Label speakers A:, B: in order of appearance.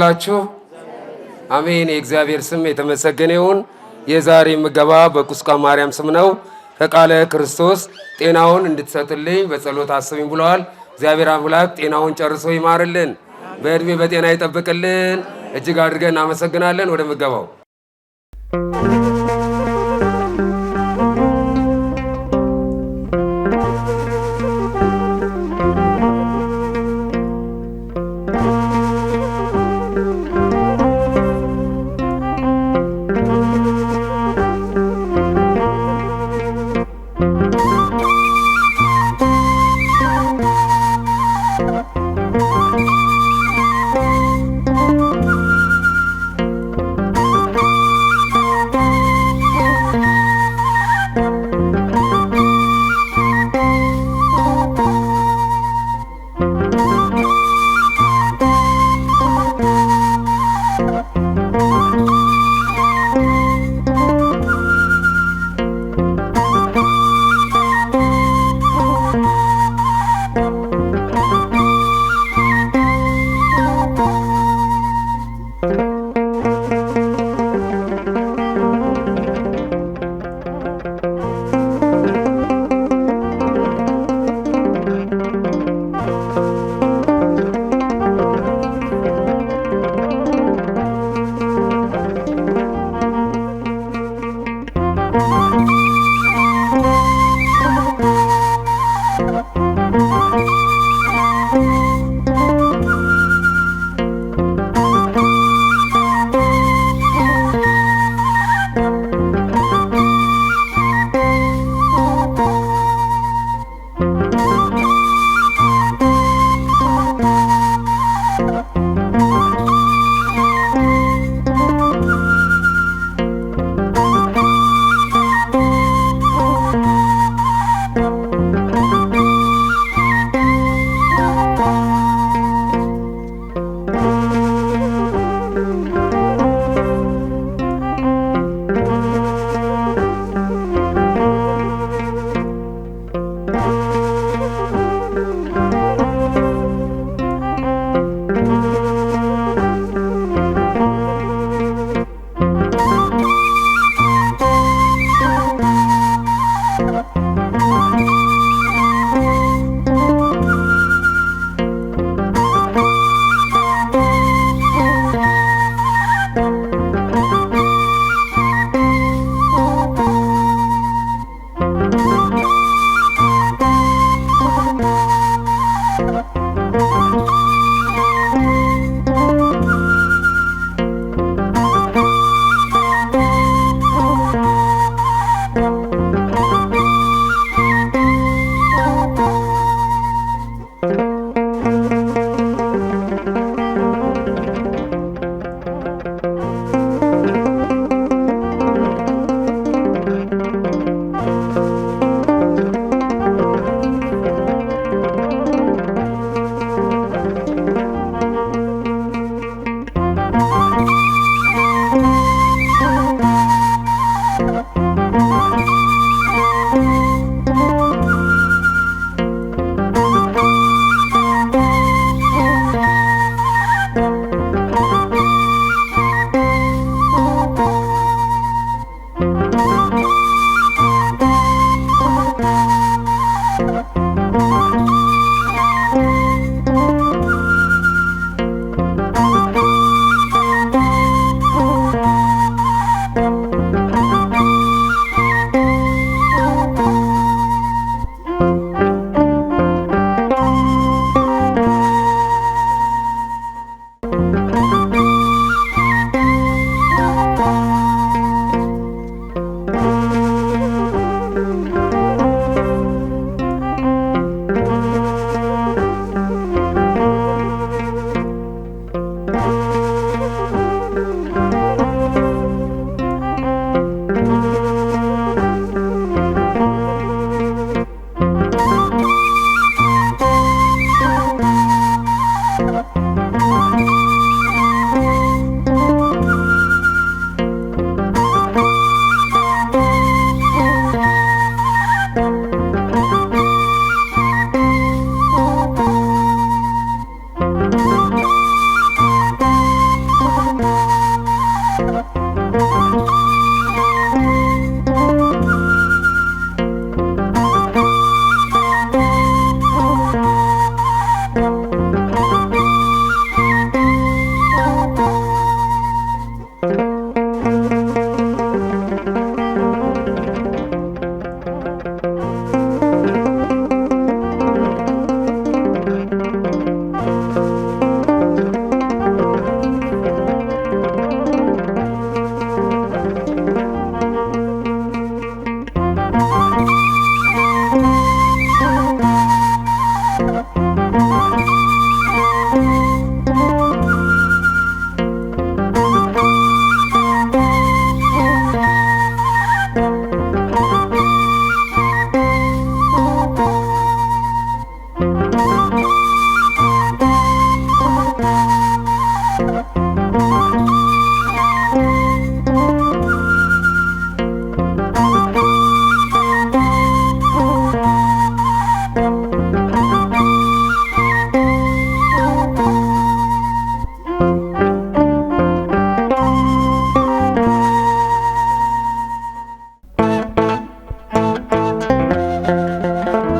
A: ዋላችሁ። አሜን። የእግዚአብሔር ስም የተመሰገነ ይሁን። የዛሬ ምገባ በቁስቋ ማርያም ስም ነው። ከቃለ ክርስቶስ ጤናውን እንድትሰጥልኝ በጸሎት አስብኝ ብለዋል። እግዚአብሔር አምላክ ጤናውን ጨርሶ ይማርልን፣ በእድሜ በጤና ይጠብቅልን። እጅግ አድርገን እናመሰግናለን። ወደ ምገባው